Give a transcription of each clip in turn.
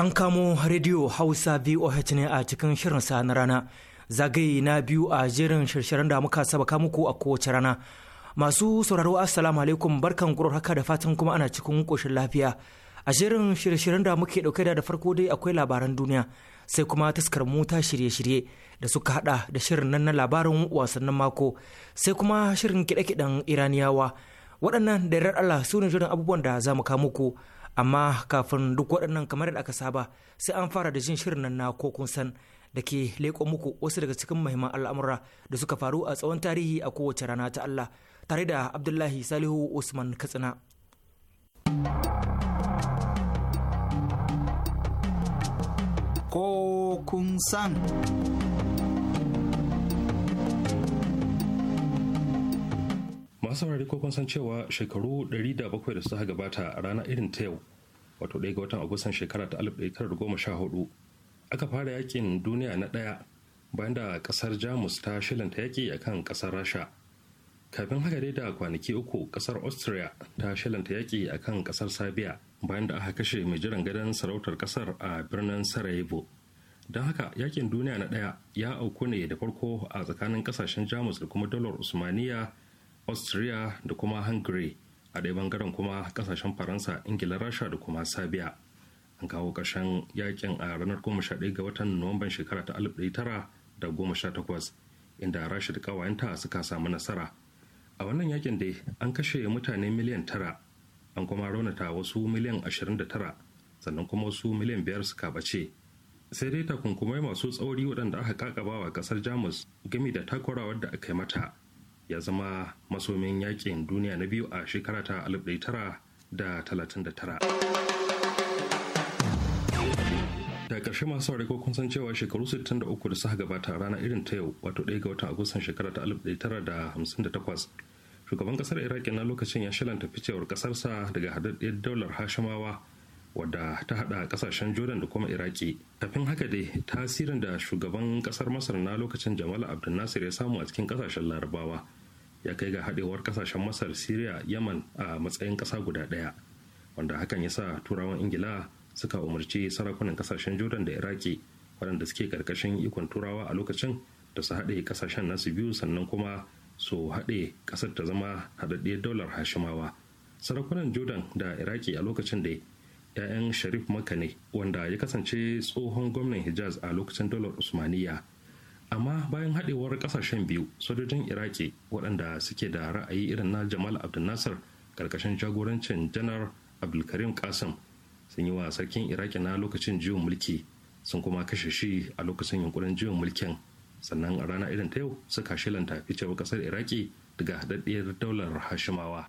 An kamo rediyo Hausa VOH ne a cikin shirin sa na rana. Zagaye na biyu a jerin shirshirin da muka sabaka muku a kowace rana. Masu sauraro Assalamu alaikum barkan gurur haka da fatan kuma ana cikin koshin lafiya. A jerin shirshirin da muke dauke da farko dai akwai labaran duniya sai kuma taskar mota shirye-shirye da suka hada da shirin nan na labarin wasannin mako sai kuma shirin kiɗe-kiɗen Iraniyawa. Waɗannan da Allah su ne abubuwan da za mu kawo muku. amma kafin duk waɗannan kamar da aka saba sai an fara da jin shirin nan na ko kun san da ke leƙo muku wasu daga cikin mahimman al'amura da suka faru a tsawon tarihi a kowace rana ta Allah tare da Abdullahi Salihu Usman Katsina. Ko kun san. masu saurari ko kun san cewa shekaru 107 da suka gabata a ranar irin ta yau wato ɗaya ga watan agustan shekara ta 1914 aka fara yakin duniya na ɗaya bayan da ƙasar jamus ta shilanta yaƙi a kan ƙasar rasha kafin haka dai da kwanaki uku ƙasar austria ta shilanta yaƙi a kan ƙasar sabiya bayan da aka kashe mai jiran gadon sarautar ƙasar a birnin sarajevo don haka yakin duniya na ɗaya ya auku ne da farko a tsakanin ƙasashen jamus da kuma dalar usmaniya austria da kuma hungary a ɗaya bangaren kuma kasashen faransa ingila rasha da kuma sabiya an kawo ƙarshen yakin a ranar 11 ga watan nuwamban shekara ta 1918 inda rasha da ƙawayenta suka samu nasara a wannan yakin dai an kashe mutane miliyan tara an kuma raunata wasu miliyan 29 sannan kuma wasu miliyan biyar suka bace sai dai takunkumai masu tsauri waɗanda aka kakabawa ƙasar jamus gami da takwarawar da aka yi mata ya zama masomin yakin duniya na biyu a shekara ta 1939 da ƙarshe masu saurari ko kun san cewa shekaru 63 da suka gabata rana irin ta yau wato ɗaya ga watan agustan shekara ta 1958 shugaban ƙasar iraki na lokacin ya shalanta ficewar ƙasarsa daga haɗaɗɗiyar daular hashimawa wadda ta haɗa ƙasashen jordan da kuma iraki Tafin haka dai tasirin da shugaban ƙasar masar na lokacin jamal abdul ya samu a cikin ƙasashen larabawa ya kai ga haɗewar kasashen masar syria yaman a matsayin ƙasa guda ɗaya wanda hakan ya sa turawan ingila suka umarci sarakunan kasashen jordan da iraki waɗanda suke ƙarƙashin ikon turawa a lokacin da su haɗe kasashen nasu biyu sannan kuma su haɗe ƙasar ta zama haɗaɗɗiyar dolar hashimawa sarakunan jordan da iraki a lokacin da 'ya'yan sharif maka ne wanda ya kasance tsohon gwamnan hijaz a lokacin daular usmaniya amma bayan haɗewar ƙasashen biyu sojojin iraki waɗanda suke da ra'ayi irin na jamal abdulnasar ƙarƙashin jagorancin janar abdulkarim kasim sun yi wa sarkin iraki na lokacin jiwon mulki sun kuma kashe shi a lokacin yunkurin jiwon mulkin sannan a rana irin ta yau suka shilanta ficewar ƙasar iraki daga haɗaɗɗiyar daular hashimawa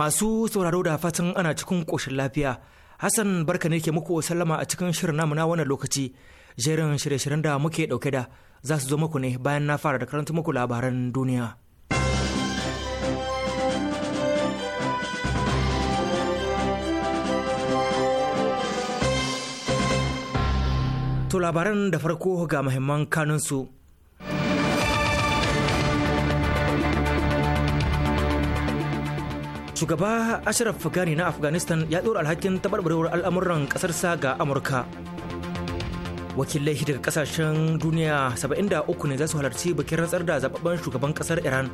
Masu sauraro da fatan ana cikin ƙoshin lafiya. Hassan barka ne ke muku sallama a cikin shirin namu na wannan lokaci. Jerin shirye-shiryen da muke ɗauke da za su zo muku ne bayan na fara da karanta muku labaran duniya. To labaran da farko ga muhimman kanunsu. shugaba ashraf ghani na afghanistan ya ɗora alhakin tabarbarewar al'amuran ƙasarsa ga amurka wakilai daga kasashen duniya 73 ne za su halarci bikin rantsar da zababben shugaban ƙasar iran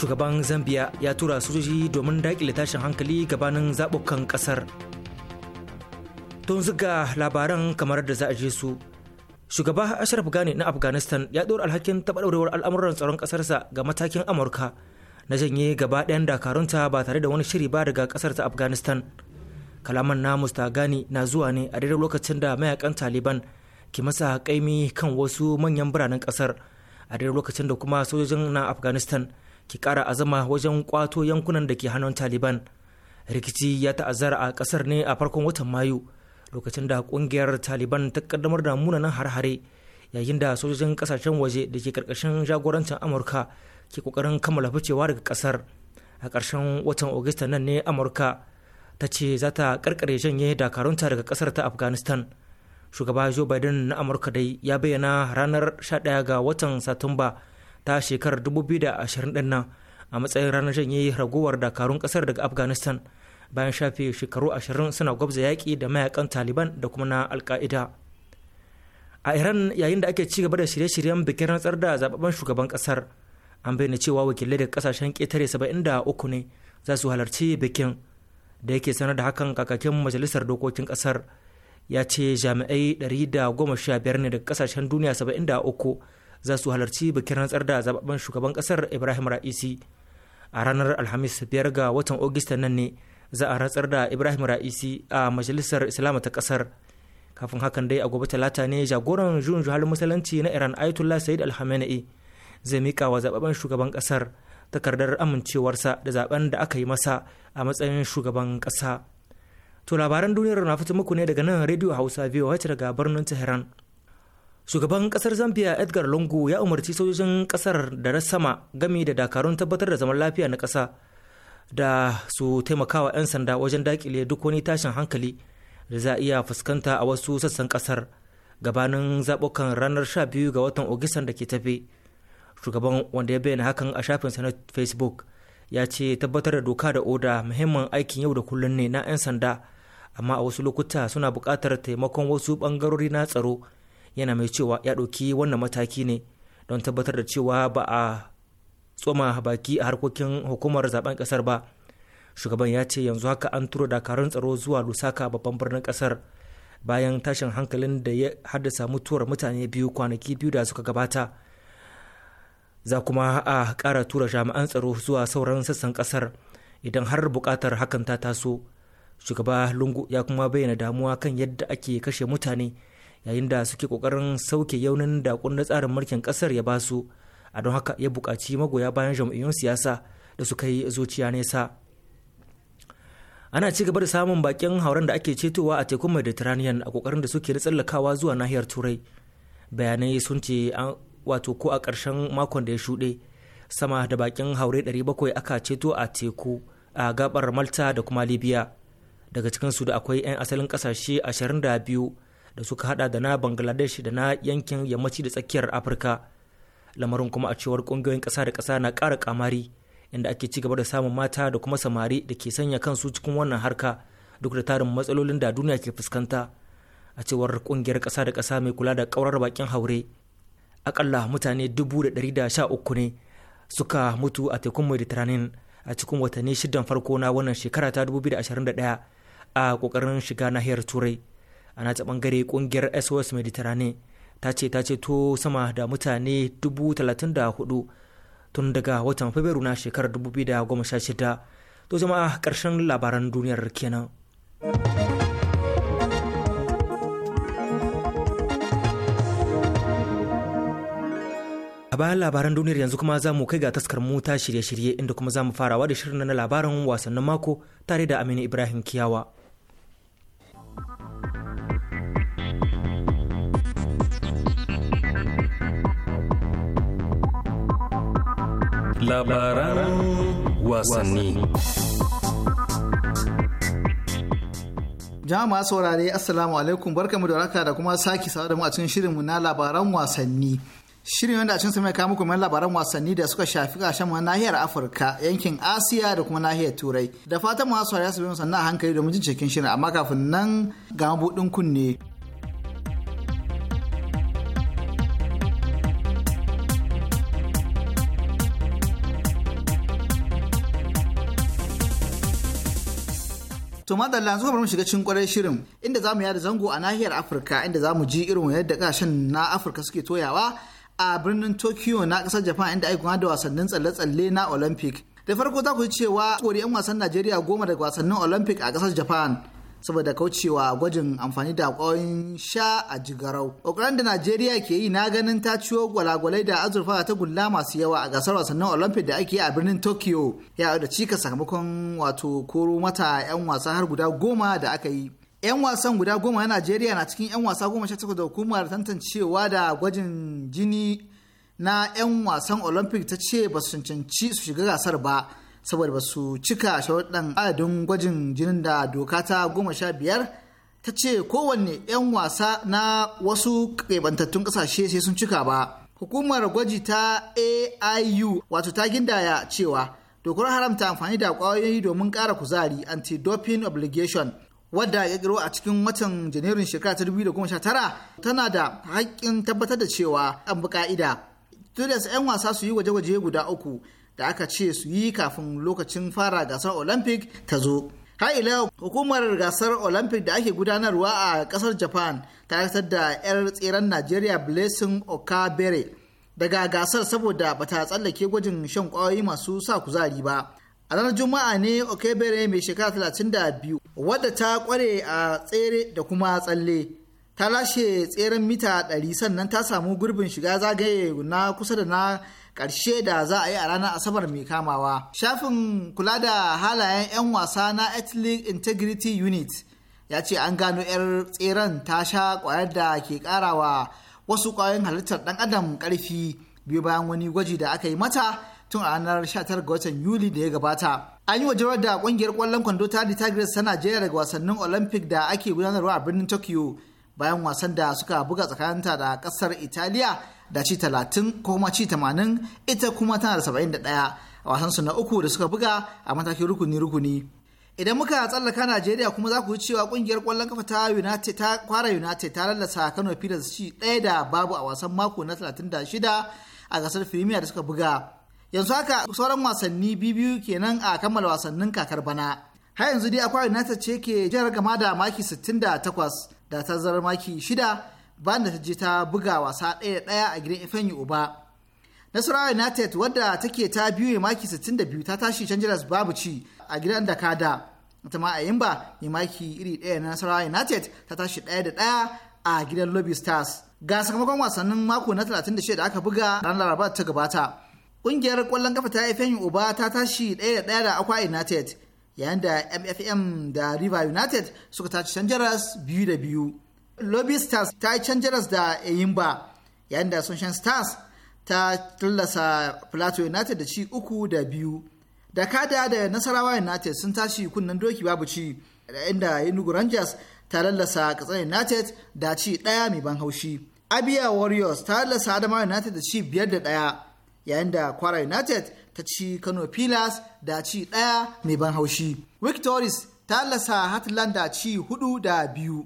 shugaban zambia ya tura sojoji domin daƙile tashin hankali gabanin zaɓukan ƙasar don ziga labaran kamar da za a je su shugaba ashraf ghani na afghanistan ya ɗora alhakin tabarbarewar al'amuran tsaron ƙasarsa ga matakin amurka na janye gaba ɗayan dakarunta ba tare da wani shiri ba daga ƙasar ta afghanistan kalaman na mustagani na zuwa ne a daidai lokacin da mayakan taliban ke masa kaimi kan wasu manyan biranen ƙasar a daidai lokacin da kuma sojojin na afghanistan ke ƙara azama wajen kwato yankunan da ke hannun taliban rikici ya ta'azzara a ƙasar ne a farkon watan mayu lokacin da ƙungiyar taliban ta ƙaddamar da munanan har-hare yayin da sojojin kasashen waje da ke karkashin jagorancin amurka ke kokarin kammala ficewa daga kasar a ƙarshen watan augusta nan ne amurka ta ce za ta karkare janye dakarunta daga kasar ta afghanistan shugaba joe biden na amurka dai ya bayyana ranar 11 ga watan satumba ta shekarar 2020 din nan a matsayin ranar janye ragowar dakarun kasar daga afghanistan bayan shafe shekaru 20 suna gwabza yaƙi da mayakan taliban da kuma na alka'ida a iran yayin da ake ci gaba da shirye-shiryen bikin rantsar da zababben shugaban kasar an bayyana cewa wakilai daga kasashen ƙetare 73 ne za su halarci bikin da yake sanar da hakan kakakin majalisar dokokin kasar ya ce jami'ai 115 ne daga kasashen duniya 73 za su halarci bikin rantsar da zababben shugaban kasar ibrahim ra'isi a ranar alhamis biyar ga watan ogista nan ne za a rantsar da ibrahim ra'isi a majalisar islama ta kasar kafin hakan dai a gobe talata ne jagoran juyin juhar musulunci na iran ayatollah said alhamenei zai mika wa zababben shugaban kasar takardar amincewarsa da zaben da aka yi masa a matsayin shugaban kasa to labaran duniyar na fito muku ne daga nan radio hausa wacce daga birnin tehran shugaban kasar zambia edgar lungu ya umarci sojojin kasar da sama gami da dakarun tabbatar da zaman lafiya na kasa da su taimakawa 'yan sanda wajen dakile duk wani tashin hankali da za a iya fuskanta a wasu sassan kasar gabanin zaɓukan ranar 12 ga watan ogisan da ke tafi shugaban wanda ya bayyana hakan a shafinsa na facebook ya ce tabbatar da doka da oda muhimman aikin yau da kullum ne na 'yan sanda amma a wasu lokuta suna buƙatar taimakon wasu ɓangarori na tsaro yana mai cewa ya ɗauki wannan mataki ne don tabbatar da cewa ba a tsoma baki a harkokin hukumar zaben ƙasar ba shugaban ya ce yanzu haka an turo dakarun tsaro zuwa lusaka babban birnin kasar bayan tashin hankalin da ya haddasa mutuwar mutane biyu kwanaki biyu da suka gabata za kuma a kara tura jami'an tsaro zuwa sauran sassan kasar idan har bukatar hakan ta taso shugaba lungu ya kuma bayyana damuwa kan yadda ake kashe mutane yayin da suke ƙoƙarin sauke yaunin da na tsarin mulkin kasar ya basu a don haka ya buƙaci magoya bayan jam'iyyun siyasa da suka kai zuciya nesa ana ci gaba da samun bakin hauren da ake cetowa a tekun mediterranean a kokarin da suke tsallakawa zuwa nahiyar turai bayanai sun ce wato ko a ƙarshen makon da ya shuɗe sama da bakin haure 700 aka ceto a teku a gabar malta da kuma libya daga cikinsu da akwai 'yan asalin ƙasashe 22 da suka hada da na bangladesh da na yankin yammaci da tsakiyar afirka lamarin kuma a cewar ƙungiyoyin ƙasa da ƙasa na ƙara ƙamari inda ake ci gaba da samun mata da kuma samari da ke sanya kansu cikin wannan harka duk da tarin matsalolin da duniya ke fuskanta a cewar kungiyar ƙasa da kasa mai kula da ƙaurar bakin haure akalla mutane dubu da dari da sha uku ne suka mutu a tekun mediterranean a cikin watanni shidan farko na wannan shekara ta 2021 a kokarin shiga nahiyar turai a nata bangare kungiyar sos mediterranean ta ce ta ceto sama da mutane 34 tun daga watan fabrairu na shekarar da 2016 to jama'a ƙarshen labaran duniyar kenan. a bayan labaran duniyar yanzu kuma za mu kai ga taskar mu shirye-shirye inda kuma za mu farawa da shirin na labaran wasannin mako tare da Aminu Ibrahim Kiyawa. labaran wasanni jama'a saurare assalamu alaikum barkamu da raka da kuma sake sawa da mu a cikin shirinmu na labaran wasanni shirin wanda a cikin sa mai kawo muku labaran wasanni da suka shafi kashen nahiyar afirka yankin asiya da kuma nahiyar turai da fatan masu saurare su bi mu sannan hankali domin jin cikin shirin amma kafin nan ga mabuɗin kunne To madalla zuwa bari mu shiga cikin kwarar shirin inda zamu yada zango a nahiyar Afirka inda zamu ji irin yadda kasashen na Afirka suke toyawa a birnin Tokyo na kasar Japan inda aka da wasannin tsalle-tsalle na Olympic. Da farko za ku ji cewa kori 'yan wasan Najeriya goma daga wasannin Olympic a kasar Japan. saboda kaucewa gwajin amfani da ƙwayoyin sha a jigarau. Ƙoƙarin da Najeriya ke yi na ganin ta ciwo gwalagwalai da azurfa ta gulla masu yawa a gasar wasannin Olympic da ake yi a birnin Tokyo ya da cika sakamakon wato koro mata 'yan wasa har guda goma da aka yi. 'Yan wasan guda goma na Najeriya na cikin 'yan wasa goma sha takwas da hukumar tantancewa da gwajin jini na 'yan wasan Olympic ta ce ba su cancanci su shiga gasar ba. saboda ba su cika sharuɗan adadin gwajin jinin da doka ta goma sha biyar ta ce kowanne 'yan wasa na wasu kebantattun ƙasashe sai sun cika ba hukumar gwaji ta aiu wato ta gindaya cewa dokar haramta amfani da ƙwayoyi domin ƙara kuzari anti-doping obligation wadda ya giro a cikin watan janairun shekara ta tara tana da haƙƙin tabbatar da cewa an bi ka'ida. 'yan wasa su yi waje-waje guda uku da aka ce su yi kafin lokacin fara gasar olympic ta zo har ila hukumar gasar olympic da ake gudanarwa a kasar japan ta haifar da 'yar tseren nigeria blessing okabere daga gasar saboda bata tsallake gwajin shan kwayoyi masu sa kuzari ba a ranar juma'a ne okabere mai shekara 32 wadda ta kware a tsere da kuma tsalle ta lashe tseren mita 100 sannan ta samu gurbin shiga zagaye na kusa da na Karshe da za a yi a ranar asabar mai kamawa shafin kula da halayen 'yan wasa na ethnic integrity unit ya ce an gano 'yar tseren ta sha ƙwayar da ke ƙarawa wasu ƙwayoyin halittar ɗan adam ƙarfi biyu bayan wani gwaji da aka yi mata tun a ranar 19 ga watan yuli da ya gabata an yi wa jawar da ƙungiyar ƙwallon kwando ta tigers ta najeriya daga wasannin olympic da ake gudanarwa a birnin tokyo bayan wasan da suka buga tsakaninta da kasar italiya da ci 30 ko kuma ci 80 ita kuma tana da 71 a wasansu na uku da suka buga a matakin rukuni-rukuni idan muka tsallaka najeriya kuma za ku ji cewa kungiyar kwallon kafa ta united ta kwara united ta lallasa kano pilas ci ɗaya da babu a wasan mako na 36 a gasar firimiya da suka buga yanzu haka sauran wasanni biyu kenan a kammala wasannin kakar bana har yanzu dai akwai united ce ke jihar gama da maki 68 da ta tazarar maki shida bayan da ta je ta buga wasa ɗaya ɗaya a gidan ifeanyi uba nasarawa united wadda take ta biyu mai maki 62 ta tashi jiras babu ci a gidan dakada ta ma a yimba mai maki iri ɗaya na nasarawa united ta tashi ɗaya da ɗaya a gidan lobby stars ga sakamakon wasannin mako na 36 da aka buga ranar laraba ta gabata ƙungiyar ƙwallon kafa ta ifeanyi uba ta tashi ɗaya da ɗaya da akwa united yayin da mfm da river united suka tashi can biyu da biyu lobby stars ta yi can da eyimba yayin da sunshine stars ta tallasa plateau united da ci uku da biyu da kada da nasarawa united sun tashi kunnen doki babu ci inda enugu rangers ta lallasa katsina united da ci daya mai ban haushi abia warriors ta lallasa adama united da ci biyar da daya. yayin da kwara united ta ci Kano Pilas da ci ɗaya mai ban haushi. Victoris ta lasa Hatland da ci hudu da biyu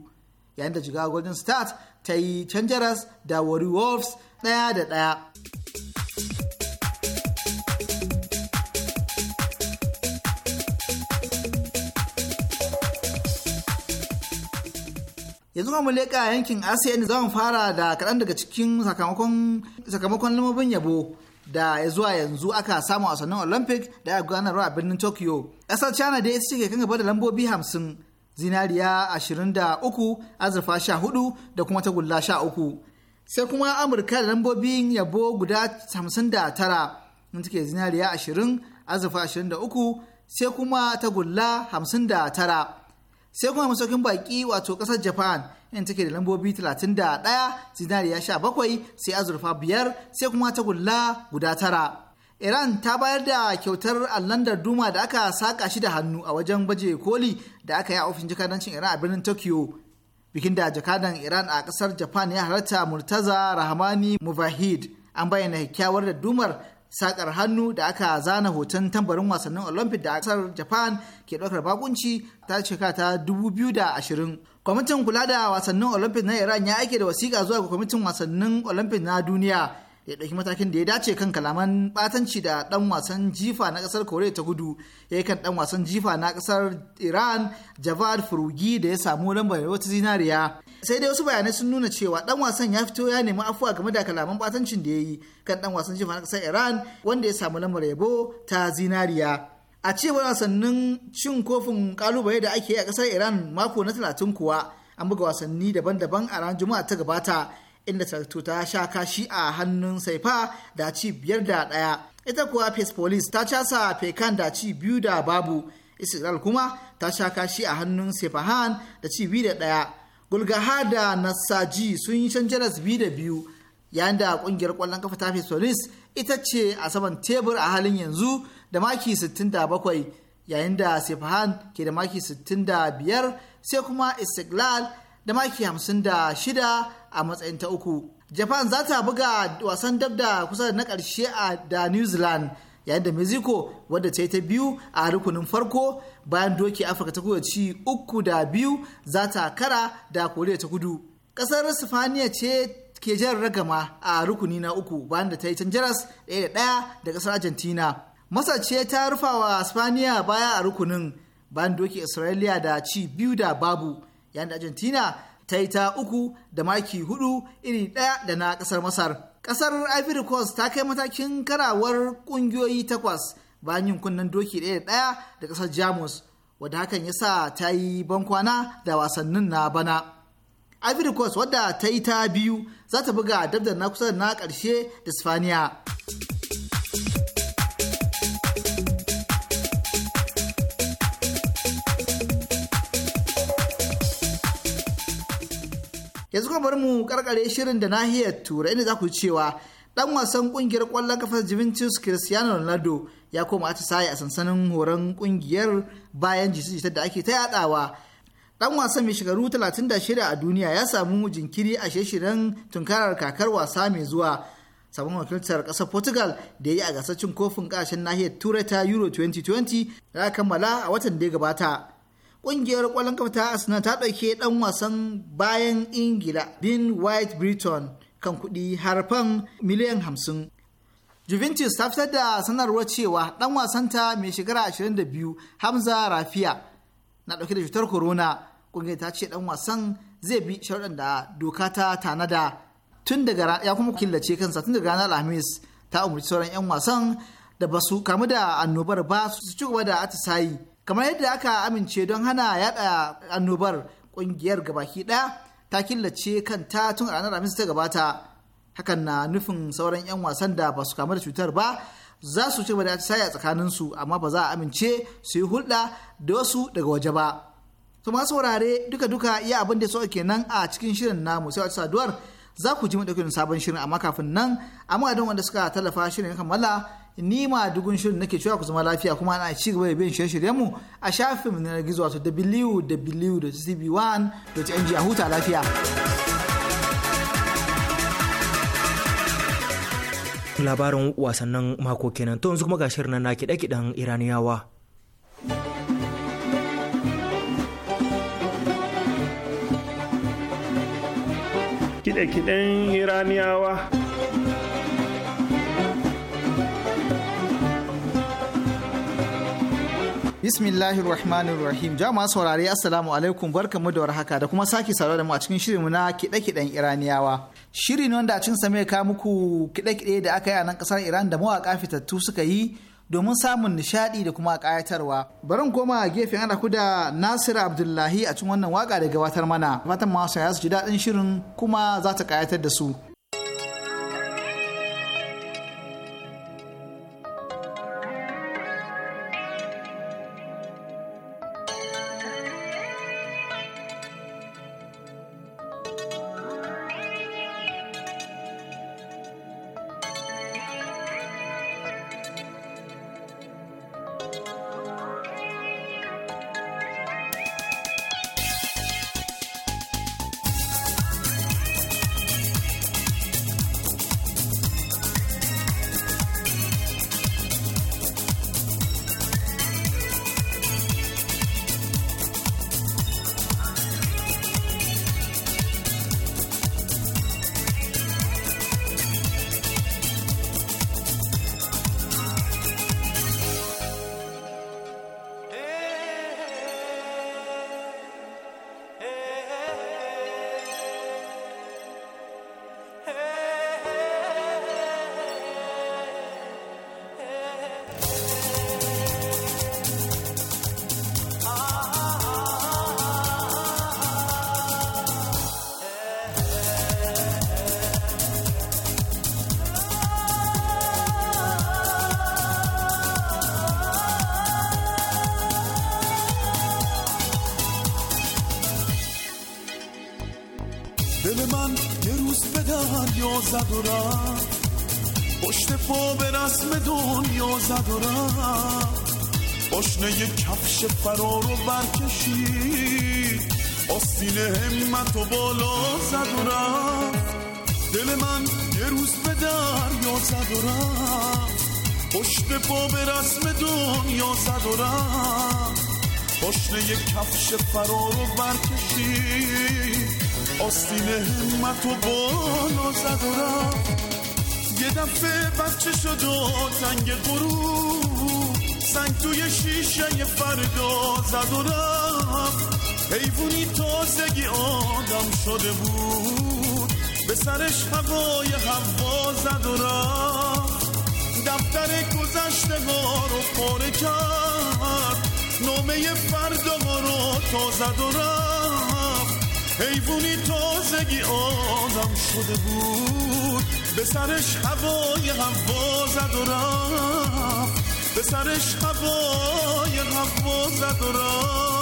yayin da jiga Golden Start ta yi Changeras da Wari Wolves ɗaya da ɗaya. yanzu kuma leƙa yankin asiya ne za mu fara da kaɗan daga cikin sakamakon sakamakon lamabin yabo da ya zuwa yanzu aka samu a sannan olympic da aka gudanarwa a birnin tokyo ƙasar china dai ita ce kan gaba da lambobi hamsin zinariya ashirin da uku azurfa sha hudu da kuma tagulla sha uku sai kuma amurka da lambobin yabo guda hamsin da tara in take zinariya ashirin azurfa ashirin da uku sai kuma tagulla hamsin da tara sai kuma masaukin baki wato kasar japan in take da lambobi 31 zinariya 17 sai azurfa biyar sai kuma ta tagulla guda tara iran ta bayar da kyautar allandar duma da aka saka shi da hannu a wajen baje koli da aka yi a ofishin jakadancin iran a birnin tokyo bikin da jakadan iran a kasar japan ya halarta murtaza rahmani muvahid an bayyana kyakkyawar da dumar sakar hannu da aka zana hoton tambarin wasannin olympic da kasar japan ke ɗaukar bakunci ta shekara ta 2020 kwamitin kula da wasannin olympic na iran ya aike da wasiƙa zuwa ga kwamitin wasannin olympic na duniya ya ɗauki matakin da ya dace kan kalaman batanci da ɗan wasan jifa na ƙasar kore ta gudu ya yi kan ɗan wasan jifa na ƙasar iran javad furugi da ya samu lambar wata zinariya sai dai wasu bayanai sun nuna cewa ɗan wasan ya fito ya nemi afuwa game da kalaman batancin da ya yi kan ɗan wasan jifa na ƙasar iran wanda ya samu lambar yabo ta zinariya a cewar wasannin cin kofin kalubale da ake yi a ƙasar iran mako na talatin kuwa an buga wasanni daban-daban a ranar juma'a ta gabata inda tartu ta sha kashi a hannun saifa da ci biyar da ɗaya ita kuwa face police ta casa fekan da ci biyu da babu israel kuma ta sha kashi a hannun sefahan da ci biyu da ɗaya gulgaha da nasaji sun yi can jaras biyu da biyu yayin da kungiyar kwallon kafa ta face police ita ce a saman tebur a halin yanzu da maki 67 yayin da sefahan ke da maki biyar. sai kuma istiklal da maki shida. a matsayin ta uku japan za ta buga wasan dab da kusa da na ƙarshe a da new zealand yayin da mexico wadda ta yi ta biyu a rukunin farko bayan doki afirka ta kuwa ci uku da biyu za ta kara da koriya ta kudu kasar sifaniya ce ke jan ragama a rukuni na uku bayan da ta yi canjaras ɗaya da ɗaya da kasar argentina masar ce ta rufa wa sifaniya baya a rukunin bayan doki isra'iliya da ci biyu da babu yayin da argentina ta yi ta uku da maki hudu iri ɗaya da na ƙasar masar ƙasar ivory coast ta kai matakin karawar ƙungiyoyi takwas bayan yin kunnen doki ɗaya da ɗaya da ƙasar jamus wadda hakan ya sa ta yi bankwana da wasannin na bana ivory coast wadda ta yi ta biyu za ta buga dab na kusa na ƙarshe da Sifaniya. yanzu kuma bari mu karkare shirin da nahiyar turai inda za ku cewa dan wasan kungiyar kwallon kafar Juventus Cristiano Ronaldo ya koma atisaye a sansanin horon kungiyar bayan jita da ake ta yadawa dan wasan mai shekaru 36 a duniya ya samu jinkiri a shirye-shiryen tunkarar kakar wasa mai zuwa sabon wakiltar ƙasar portugal da ya yi a gasar cin kofin ƙasashen nahiyar turai ta euro 2020 aka kammala a watan da ya gabata Ƙungiyar kwallon kafa ta Arsenal ta ɗauke ɗan wasan bayan Ingila bin White Britain kan kuɗi harfan miliyan hamsin. Juventus ta fitar da sanarwar cewa ɗan wasanta mai shekara 22 Hamza Rafiya na ɗauke da cutar corona. Ƙungiyar ta ce ɗan wasan zai bi sharuɗan da doka ta tanada tun daga ya kuma killace kansa tun daga ranar Alhamis ta umarci sauran 'yan wasan da ba su kamu da annobar ba su ci gaba da atisayi kamar yadda aka amince don hana yada annobar kungiyar gabaki daya ta killace kanta tun a ranar ta gabata hakan na nufin sauran 'yan wasan da ba su kamu da cutar ba za su ci da tsaya tsakanin su amma ba za a amince su yi hulɗa da wasu daga waje ba to ma saurare duka duka iya abin da sauke nan a cikin shirin namu sai wata saduwar za ku ji mu sabon shirin amma kafin nan amma don wanda suka tallafa shirin kammala ni ma dugun shirin nake cewa ku zama lafiya kuma ana ci gaba da bin shirye-shiryen mu a shafin na gizo wato www.cb1.ng a huta lafiya. Labarin wasannin mako kenan to yanzu kuma ga shirin na kiɗe-kiɗen Iraniyawa. Kiɗe-kiɗen Iraniyawa. Bismillahir Rahmanir Rahim. Jama'a saurare Assalamu alaikum mu da warhaka da kuma sake saurare da mu a cikin shirinmu na kiɗe-kiɗen Iraniyawa. Shiri ne wanda a cikin same ka muku kiɗe-kiɗe da aka yi a nan ƙasar Iran da mawaƙa fitattu suka yi domin samun nishaɗi da kuma ƙayatarwa. Barin koma a gefen ana ku da Nasir Abdullahi a cikin wannan waka da gabatar mana. Fatan masu ya su ji daɗin shirin kuma za ta ƙayatar da su. به من یه روز به دریا زد و رفت پشت پا به رسم دنیا زد و رفت یه کفش فرار رو برکشید آستین همت و بالا زد و رفت دل من یه روز به دریا زد و رفت پشت پا به رسم دنیا زد و رفت یه کفش فرار رو برکشی. آستین همت و بالا زد یه دفعه بچه شد و تنگ غروب سنگ توی شیشه فردا زد و رفت حیوانی تازگی آدم شده بود به سرش هوای هوا زد و دفتر گذشته ها رو پاره کرد نامه فردا رو تا و رفت حیوونی تازگی آدم شده بود به سرش هوای هوا زد و رفت به سرش هوای هوا زد و رفت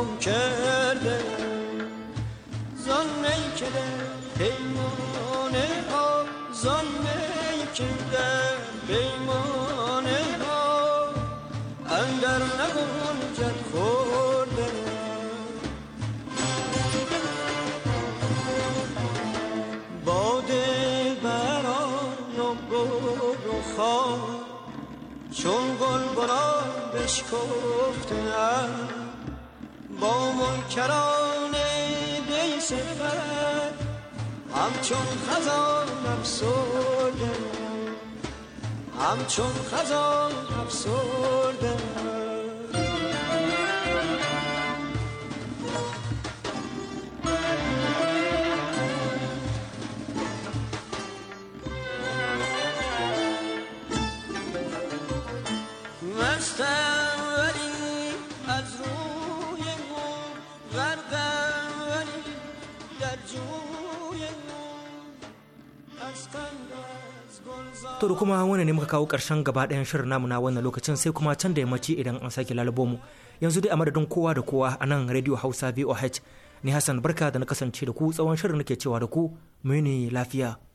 گم کرده زان می که در ها زان می که در پیمان ها اندر جد خورده باده بران و و خواه چون گل بران بشکفته با منکران دی سفر همچون خزان افسرده همچون خزان افسرده To da kuma wani ne muka kawo ƙarshen gaba ɗayan shirin namu na wannan lokacin sai kuma can da yammaci idan an sake lalabo mu. Yanzu dai a madadin kowa da kowa a nan Radio Hausa VOH. Ni Hassan Barka da na kasance da ku tsawon shirin nake cewa da ku muni lafiya.